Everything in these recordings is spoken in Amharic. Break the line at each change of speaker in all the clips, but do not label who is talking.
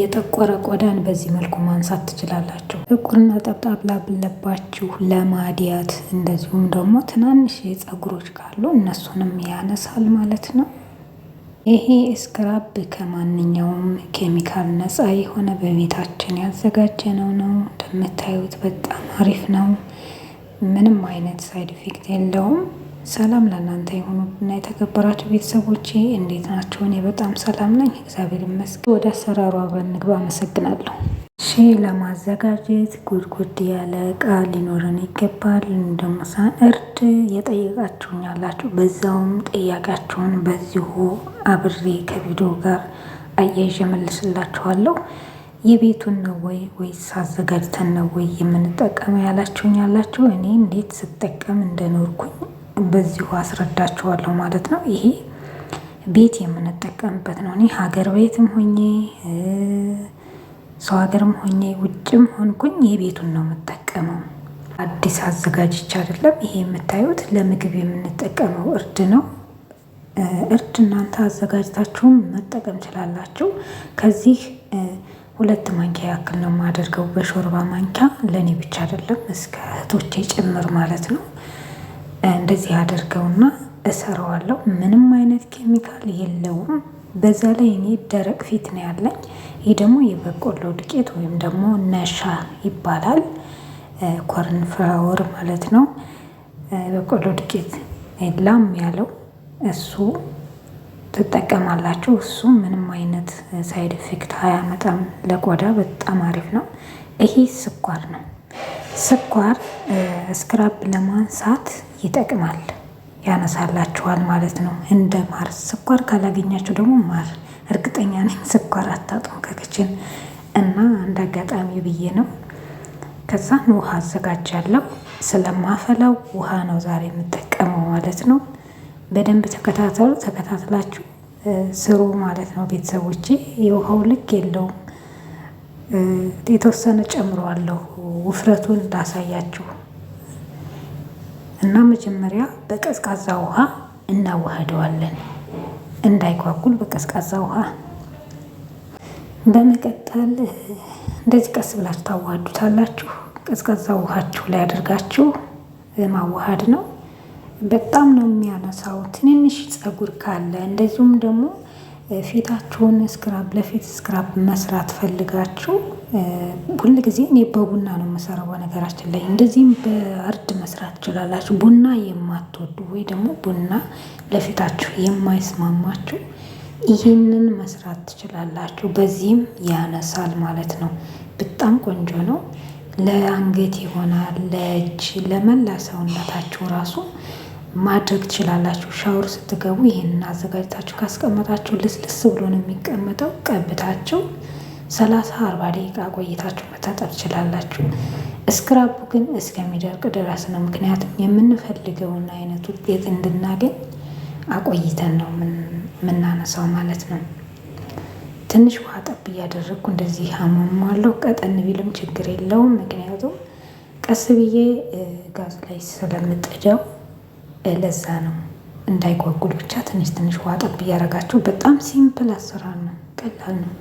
የጠቆረ ቆዳን በዚህ መልኩ ማንሳት ትችላላችሁ። ጥቁርና ጠብጣብ ላብለባችሁ ለማድያት እንደዚሁም ደግሞ ትናንሽ ፀጉሮች ካሉ እነሱንም ያነሳል ማለት ነው። ይሄ ስክራብ ከማንኛውም ኬሚካል ነፃ የሆነ በቤታችን ያዘጋጀነው ነው። እንደምታዩት በጣም አሪፍ ነው። ምንም አይነት ሳይድ ኢፌክት የለውም። ሰላም ለእናንተ የሆኑ እና የተከበራችሁ ቤተሰቦቼ እንዴት ናቸው? እኔ በጣም ሰላም ነኝ፣ እግዚአብሔር ይመስገን። ወደ አሰራሩ አብረን እንግባ። አመሰግናለሁ። ሺ ለማዘጋጀት ጉድጉድ ያለ እቃ ሊኖረን ይገባል። ደግሞ እርድ የጠየቃችሁኝ ያላችሁ፣ በዛውም ጥያቄያችሁን በዚሁ አብሬ ከቪዲዮ ጋር አያይዤ መልስላችኋለሁ። የቤቱን ነው ወይ ወይስ አዘጋጅተን ነው ወይ የምንጠቀመው ያላችሁኝ ያላችሁ፣ እኔ እንዴት ስጠቀም እንደኖርኩኝ በዚሁ አስረዳችኋለሁ ማለት ነው። ይሄ ቤት የምንጠቀምበት ነው። እኔ ሀገር ቤትም ሆኜ ሰው ሀገርም ሆኜ ውጭም ሆንኩኝ የቤቱን ነው የምጠቀመው። አዲስ አዘጋጅቻ አይደለም። ይሄ የምታዩት ለምግብ የምንጠቀመው እርድ ነው። እርድ እናንተ አዘጋጅታችሁም መጠቀም ችላላችሁ። ከዚህ ሁለት ማንኪያ ያክል ነው የማደርገው። በሾርባ ማንኪያ ለእኔ ብቻ አይደለም እስከ እህቶቼ ጭምር ማለት ነው። እንደዚህ አደርገውና እሰራዋለሁ። ምንም አይነት ኬሚካል የለውም። በዛ ላይ እኔ ደረቅ ፊት ነው ያለኝ። ይህ ደግሞ የበቆሎ ዱቄት ወይም ደግሞ ነሻ ይባላል። ኮርን ፍላወር ማለት ነው። በቆሎ ዱቄት ላም ያለው እሱ ትጠቀማላችሁ። እሱ ምንም አይነት ሳይድ ኢፌክት አያመጣም። ለቆዳ በጣም አሪፍ ነው። ይሄ ስኳር ነው። ስኳር ስክራብ ለማንሳት ይጠቅማል ያነሳላችኋል ማለት ነው። እንደ ማር ስኳር ካላገኛችሁ ደግሞ ማር እርግጠኛ ነኝ ስኳር አታጡም ከክችን እና እንደ አጋጣሚ ብዬ ነው። ከዛን ውሃ አዘጋጃለሁ። ስለማፈላው ውሃ ነው ዛሬ የምጠቀመው ማለት ነው። በደንብ ተከታተሉ፣ ተከታትላችሁ ስሩ ማለት ነው ቤተሰቦቼ። የውሃው ልክ የለውም የተወሰነ ጨምረዋለሁ ውፍረቱን እንዳሳያችሁ እና መጀመሪያ በቀዝቃዛ ውሃ እናዋህደዋለን እንዳይጓጉል በቀዝቃዛ ውሃ። በመቀጠል እንደዚህ ቀስ ብላችሁ ታዋህዱታላችሁ። ቀዝቃዛ ውሃችሁ ላይ አድርጋችሁ ማዋሃድ ነው። በጣም ነው የሚያነሳው ትንንሽ ፀጉር ካለ እንደዚሁም ደግሞ ፊታችሁን ስክራብ ለፊት ስክራብ መስራት ፈልጋችሁ ሁል ጊዜ እኔ በቡና ነው የምሰራው። በነገራችን ላይ እንደዚህም በእርድ መስራት ትችላላችሁ። ቡና የማትወዱ ወይ ደግሞ ቡና ለፊታችሁ የማይስማማችሁ ይህንን መስራት ትችላላችሁ። በዚህም ያነሳል ማለት ነው። በጣም ቆንጆ ነው። ለአንገት ይሆናል፣ ለእጅ፣ ለመላ ሰውነታችሁ ራሱ ማድረግ ትችላላችሁ። ሻወር ስትገቡ ይህንን አዘጋጅታችሁ ካስቀመጣችሁ ልስልስ ብሎ ነው የሚቀመጠው። ቀብታችሁ ሰላሳ አርባ ደቂቃ ቆይታችሁ መታጠብ ትችላላችሁ። እስክራቡ ግን እስከሚደርቅ ድረስ ነው። ምክንያቱም የምንፈልገውን አይነት ውጤት እንድናገኝ አቆይተን ነው የምናነሳው ማለት ነው። ትንሽ ውሃ ጠብ እያደረግኩ እንደዚህ አሟሟለሁ። ቀጠን ቢልም ችግር የለውም ምክንያቱም ቀስ ብዬ ጋዙ ላይ ስለምጥደው ለዛ ነው እንዳይጓጉል ብቻ ትንሽ ትንሽ ዋጠብ እያረጋችሁ። በጣም ሲምፕል አሰራር ነው፣ ቀላል ነው፣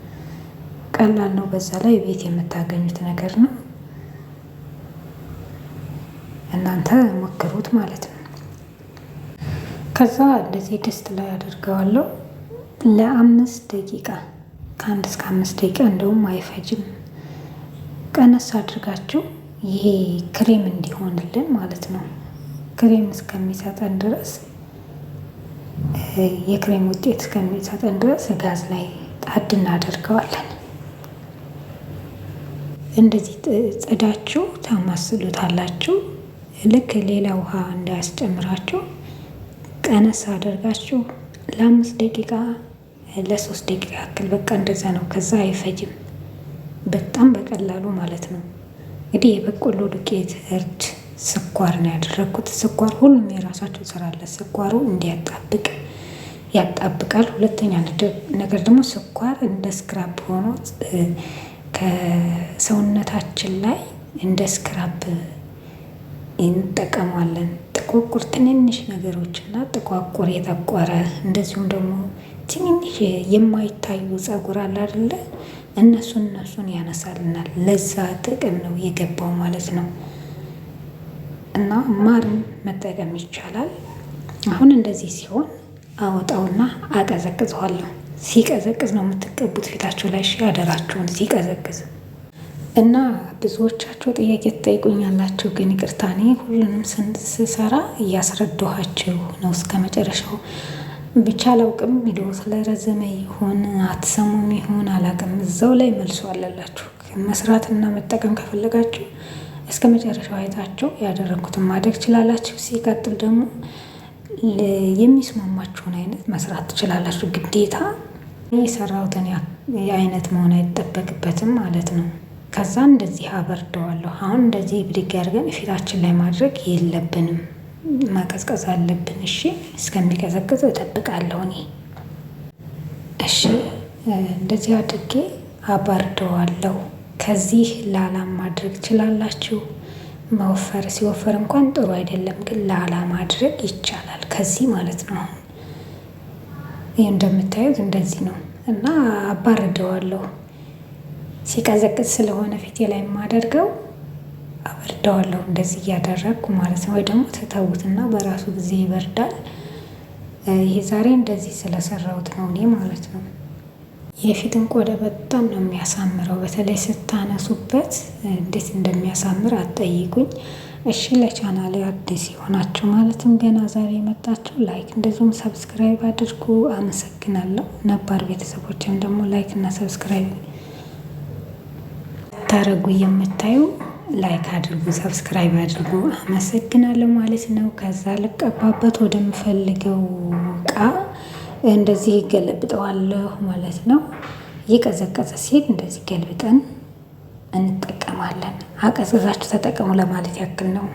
ቀላል ነው። በዛ ላይ ቤት የምታገኙት ነገር ነው። እናንተ ሞክሩት ማለት ነው። ከዛ እንደዚህ ድስት ላይ አድርገዋለሁ ለአምስት ደቂቃ ከአንድ እስከ አምስት ደቂቃ እንደውም አይፈጅም። ቀነስ አድርጋችሁ ይሄ ክሬም እንዲሆንልን ማለት ነው። ክሬም እስከሚሰጠን ድረስ የክሬም ውጤት እስከሚሰጠን ድረስ ጋዝ ላይ ጣድ እናደርገዋለን። እንደዚህ ጽዳችሁ ታማስሉታላችሁ። ልክ ሌላ ውሃ እንዳያስጨምራችሁ ቀነስ አደርጋችሁ ለአምስት ደቂቃ ለሶስት ደቂቃ ያክል በቃ እንደዛ ነው። ከዛ አይፈጅም። በጣም በቀላሉ ማለት ነው። እንግዲህ የበቆሎ ዱቄት እርድ ስኳር ነው ያደረግኩት። ስኳር ሁሉም የራሳቸው ስራ አለ። ስኳሩ እንዲያጣብቅ ያጣብቃል። ሁለተኛ ነገር ደግሞ ስኳር እንደ ስክራፕ ሆኖ ከሰውነታችን ላይ እንደ ስክራፕ እንጠቀማለን። ጥቋቁር ትንንሽ ነገሮች እና ጥቋቁር የጠቆረ እንደዚሁም ደግሞ ትንንሽ የማይታዩ ጸጉር አለ አይደለ? እነሱን እነሱን ያነሳልናል። ለዛ ጥቅም ነው የገባው ማለት ነው። እና ማርን መጠቀም ይቻላል። አሁን እንደዚህ ሲሆን አወጣውና አቀዘቅዘዋለሁ። ሲቀዘቅዝ ነው የምትቀቡት ፊታችሁ ላይ ያደራችሁን ሲቀዘቅዝ እና ብዙዎቻቸው ጥያቄ ትጠይቁኛላቸው፣ ግን ይቅርታ እኔ ሁሉንም ስሰራ እያስረዳኋችሁ ነው እስከ መጨረሻው። ብቻ አላውቅም፣ ቪዲዮ ስለረዘመ ይሆን አትሰሙም ይሆን አላውቅም። እዛው ላይ መልሶ አለላችሁ። መስራትና መጠቀም ከፈለጋችሁ እስከ መጨረሻው አይታቸው ያደረግኩትን ማድረግ ትችላላችሁ። ሲቀጥል ደግሞ የሚስማማችሁን አይነት መስራት ትችላላችሁ። ግዴታ የሰራሁትን የአይነት መሆን አይጠበቅበትም ማለት ነው። ከዛ እንደዚህ አበርደዋለሁ። አሁን እንደዚህ ብድግ አድርገን ፊታችን ላይ ማድረግ የለብንም። መቀዝቀዝ አለብን። እሺ፣ እስከሚቀዘቅዝ እጠብቃለሁ እኔ። እሺ፣ እንደዚህ አድርጌ አበርደዋለሁ። ከዚህ ላላም ማድረግ ትችላላችሁ። መወፈር ሲወፈር እንኳን ጥሩ አይደለም፣ ግን ላላ ማድረግ ይቻላል። ከዚህ ማለት ነው። አሁን ይህ እንደምታዩት እንደዚህ ነው እና አባርደዋለሁ። ሲቀዘቅዝ ስለሆነ ፊቴ ላይ የማደርገው አበርደዋለሁ፣ እንደዚህ እያደረግኩ ማለት ነው። ወይ ደግሞ ተተዉትና በራሱ ጊዜ ይበርዳል። ይሄ ዛሬ እንደዚህ ስለሰራሁት ነው እኔ ማለት ነው። የፊትን ቆዳ በጣም ነው የሚያሳምረው። በተለይ ስታነሱበት እንዴት እንደሚያሳምር አትጠይቁኝ። እሺ ለቻናሌ አዲስ የሆናችሁ ማለትም ገና ዛሬ የመጣችሁ ላይክ እንደዚሁም ሰብስክራይብ አድርጉ። አመሰግናለሁ። ነባር ቤተሰቦችም ደግሞ ላይክ እና ሰብስክራይብ ታረጉ የምታዩ ላይክ አድርጉ፣ ሰብስክራይብ አድርጉ። አመሰግናለሁ ማለት ነው። ከዛ ልቀባበት ወደምፈልገው እቃ እንደዚህ ይገለብጠዋለሁ ማለት ነው። እየቀዘቀዘ ሲሄድ እንደዚህ ገልብጠን እንጠቀማለን። አቀዝቅዛችሁ ተጠቀሙ ለማለት ያክል ነው።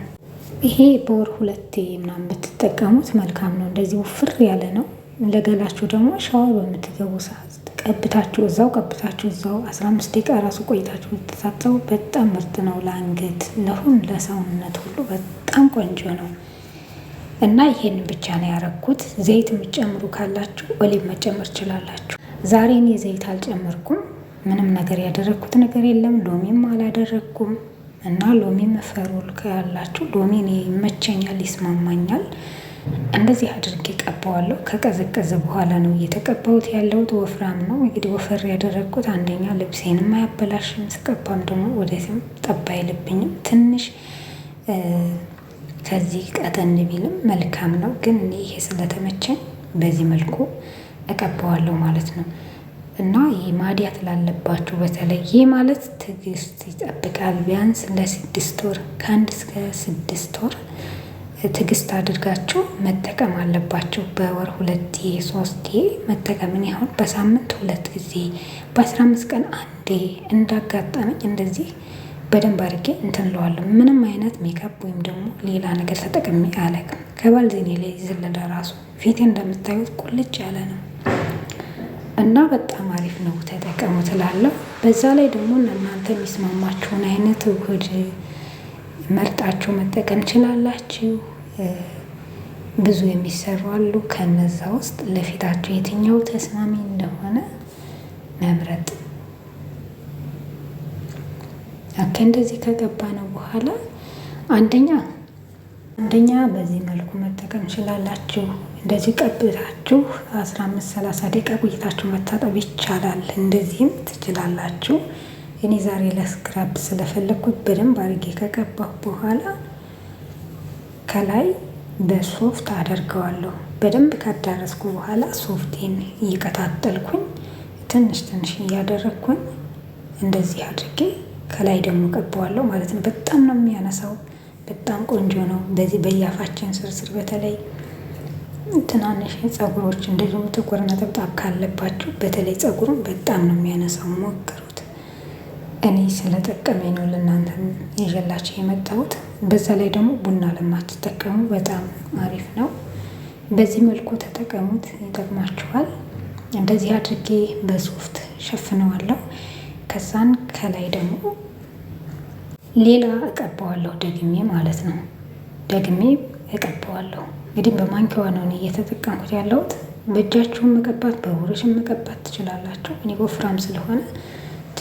ይሄ በወር ሁለቴ ምናምን ብትጠቀሙት መልካም ነው። እንደዚህ ውፍር ያለ ነው። ለገላችሁ ደግሞ ሻወር በምትገቡ ሰዓት ቀብታችሁ እዛው ቀብታችሁ እዛው አስራ አምስት ደቂቃ ራሱ ቆይታችሁ ብትታጠቡ በጣም ምርጥ ነው። ለአንገት፣ ለሁን ለሰውነት ሁሉ በጣም ቆንጆ ነው። እና ይሄንን ብቻ ነው ያረኩት። ዘይት የምጨምሩ ካላችሁ ኦሊቭ መጨመር ትችላላችሁ። ዛሬ እኔ ዘይት አልጨመርኩም። ምንም ነገር ያደረግኩት ነገር የለም። ሎሚም አላደረግኩም እና ሎሚ መፈሩል ካላችሁ ሎሚ እኔ ይመቸኛል፣ ይስማማኛል። እንደዚህ አድርጌ ቀባዋለሁ። ከቀዘቀዘ በኋላ ነው እየተቀባሁት ያለሁት። ወፍራም ነው እንግዲህ ወፈር ያደረግኩት አንደኛ ልብሴንም አያበላሽም፣ ስቀባም ደግሞ ወደዚም ጠባ አይልብኝም ትንሽ ከዚህ ቀጠን ቢልም መልካም ነው። ግን እኔ ይሄ ስለተመቸኝ በዚህ መልኩ እቀባዋለሁ ማለት ነው። እና ይህ ማዲያት ላለባችሁ በተለይ ይህ ማለት ትግስት ይጠብቃል። ቢያንስ ለስድስት ወር ከአንድ እስከ ስድስት ወር ትዕግስት አድርጋችሁ መጠቀም አለባችሁ። በወር ሁለት ሶስት መጠቀምን ያሁን በሳምንት ሁለት ጊዜ በአስራ አምስት ቀን አንዴ እንዳጋጠመኝ እንደዚህ በደንብ አድርጌ እንትን ምንም አይነት ሜካፕ ወይም ደግሞ ሌላ ነገር ተጠቅሜ አለቅም። ከባልዚኔ ላይ ዘለለ ራሱ ፊቴ እንደምታዩት ቁልጭ ያለ ነው እና በጣም አሪፍ ነው፣ ተጠቀሙት ትላለሁ። በዛ ላይ ደግሞ እናንተ የሚስማማችሁን አይነት ውህድ መርጣችሁ መጠቀም ችላላችሁ። ብዙ የሚሰሩ አሉ። ከነዛ ውስጥ ለፊታችሁ የትኛው ተስማሚ እንደሆነ መምረጥ ልክ እንደዚህ ከገባ ነው በኋላ አንደኛ አንደኛ በዚህ መልኩ መጠቀም ይችላላችሁ። እንደዚህ ቀብታችሁ 15 ሰላሳ ደቂቃ ቆይታችሁ መታጠብ ይቻላል። እንደዚህም ትችላላችሁ። እኔ ዛሬ ለስክራብ ስለፈለግኩት በደንብ አድርጌ ከቀባሁ በኋላ ከላይ በሶፍት አደርገዋለሁ። በደንብ ካዳረስኩ በኋላ ሶፍቴን እየቀጣጠልኩኝ ትንሽ ትንሽ እያደረግኩኝ እንደዚህ አድርጌ ከላይ ደግሞ ቀባዋለሁ ማለት ነው። በጣም ነው የሚያነሳው። በጣም ቆንጆ ነው። በዚህ በየአፋችን ስር ስር በተለይ ትናንሽ ጸጉሮች እንደዚሁም ጥቁር ነጠብጣብ ካለባችሁ በተለይ ጸጉሩን በጣም ነው የሚያነሳው፣ ሞክሩት። እኔ ስለጠቀመኝ ነው ለእናንተ ይዤላችሁ የመጣሁት። በዛ ላይ ደግሞ ቡና ለማትጠቀሙ በጣም አሪፍ ነው። በዚህ መልኩ ተጠቀሙት፣ ይጠቅማችኋል። እንደዚህ አድርጌ በሶፍት ሸፍነዋለሁ። ከዛን ከላይ ደግሞ ሌላ እቀባዋለሁ ደግሜ ማለት ነው። ደግሜ እቀባዋለሁ። እንግዲህ በማንኪዋ ነው እየተጠቀምኩት ያለሁት። በእጃችሁን መቀባት በብሩሽም መቀባት ትችላላችሁ። እኔ ወፍራም ስለሆነ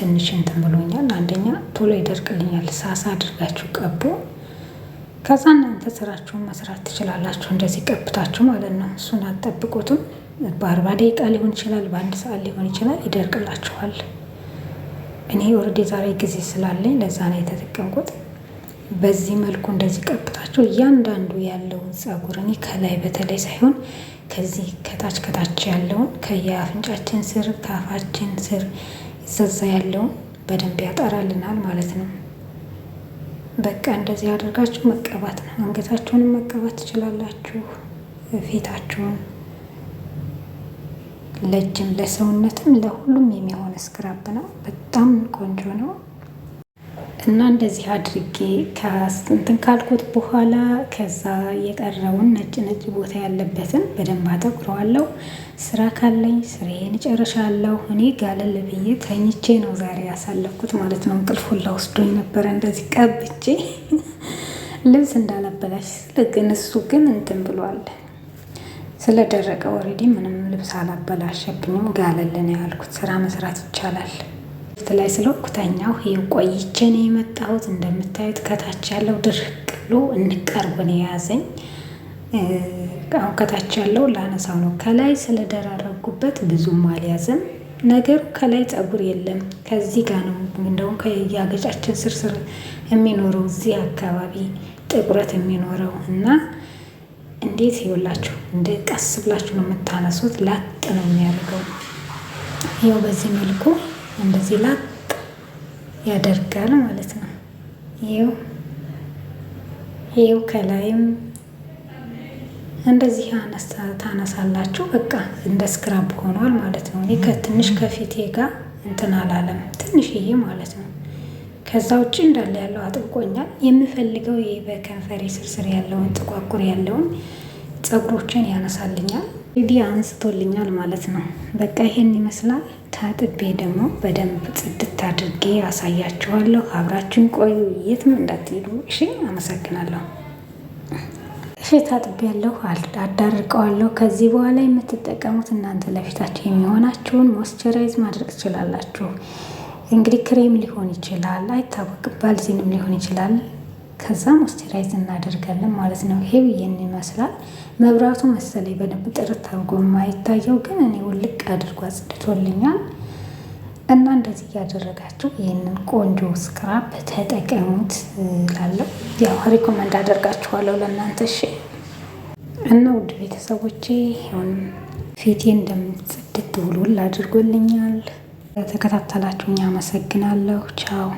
ትንሽ እንትን ብሎኛል። አንደኛ ቶሎ ይደርቅልኛል። ሳሳ አድርጋችሁ ቀቡ። ከዛ እናንተ ስራችሁን መስራት ትችላላችሁ። እንደዚህ ቀብታችሁ ማለት ነው። እሱን አጠብቁትም። በአርባ ደቂቃ ሊሆን ይችላል፣ በአንድ ሰዓት ሊሆን ይችላል። ይደርቅላችኋል። እኔ ወርዴ ዛሬ ጊዜ ስላለኝ ለዛ ነው የተጠቀምኩት። በዚህ መልኩ እንደዚህ ቀብታችሁ እያንዳንዱ ያለውን ጸጉር እኔ ከላይ በተለይ ሳይሆን ከዚህ ከታች ከታች ያለውን ከየአፍንጫችን ስር ከአፋችን ስር ይዘዛ ያለውን በደንብ ያጠራልናል ማለት ነው። በቃ እንደዚህ አድርጋችሁ መቀባት ነው። አንገታችሁንም መቀባት ትችላላችሁ ፊታችሁን ለእጅም ለሰውነትም ለሁሉም የሚሆን ስክራብ ነው። በጣም ቆንጆ ነው እና እንደዚህ አድርጌ ከስንትን ካልኩት በኋላ ከዛ የቀረውን ነጭ ነጭ ቦታ ያለበትን በደንብ አጠቁረዋለሁ። ስራ ካለኝ ስሬን እጨርሻለሁ። እኔ ጋለል ብዬ ተኝቼ ነው ዛሬ ያሳለፍኩት ማለት ነው። እንቅልፍ ሁላ ወስዶኝ ነበረ እንደዚህ ቀብቼ ልብስ እንዳለበላሽ ስል ግን እሱ ግን እንትን ብሏል። ስለደረቀ ኦልሬዲ ምንም ልብስ አላበላሸብኝም። ጋለልን ያልኩት ስራ መስራት ይቻላል። ፊት ላይ ስለወቅተኛው ይህ ቆይቼ ነው የመጣሁት። እንደምታዩት ከታች ያለው ድርቅ ብሎ ነው የያዘኝ አሁን ከታች ያለው ላነሳው ነው። ከላይ ስለደራረጉበት ብዙም አልያዘም ነገሩ። ከላይ ጸጉር የለም ከዚህ ጋር ነው እንደውም ከያገጫችን ስርስር የሚኖረው እዚህ አካባቢ ጥቁረት የሚኖረው እና እንዴት ይውላችሁ እንደ ቀስ ብላችሁ ነው የምታነሱት። ላጥ ነው የሚያደርገው። ይኸው በዚህ መልኩ እንደዚህ ላጥ ያደርጋል ማለት ነው። ይኸው ይኸው ከላይም እንደዚህ ታነሳላችሁ። በቃ እንደ ስክራብ ሆኗል ማለት ነው። እኔ ከትንሽ ከፊቴ ጋር እንትን አላለም ትንሽዬ ማለት ነው። ከዛ ውጭ እንዳለ ያለው አጥብቆኛል። የምፈልገው ይሄ በከንፈሬ ስርስር ያለውን ጥቋቁር ያለውን ፀጉሮችን ያነሳልኛል። ሬዲ አንስቶልኛል ማለት ነው። በቃ ይሄን ይመስላል። ታጥቤ ደግሞ በደንብ ጽድት አድርጌ አሳያችኋለሁ። አብራችን ቆዩ፣ የትም እንዳትሄዱ። እሺ፣ አመሰግናለሁ። እሺ፣ ታጥቤ ያለሁ አዳርቀዋለሁ። ከዚህ በኋላ የምትጠቀሙት እናንተ ለፊታችሁ የሚሆናችሁን ሞስቸራይዝ ማድረግ ትችላላችሁ። እንግዲህ ክሬም ሊሆን ይችላል አይታወቅም፣ ባልዚንም ሊሆን ይችላል ከዛ ሞስቸራይዝ እናደርጋለን ማለት ነው። ይሄው ይህን ይመስላል። መብራቱ መሰለኝ በደንብ ጥርት አድርጎ የማይታየው ግን እኔ ውልቅ አድርጎ አጽድቶልኛል። እና እንደዚህ እያደረጋችሁ ይህንን ቆንጆ ስክራፕ ተጠቀሙት ላለው ያው ሪኮመንድ አደርጋችኋለሁ ለእናንተ እሺ። እና ውድ ቤተሰቦቼ ሁን ፊቴ እንደምጽድት ውልውል አድርጎልኛል። ተከታተላችሁኝ አመሰግናለሁ። ቻው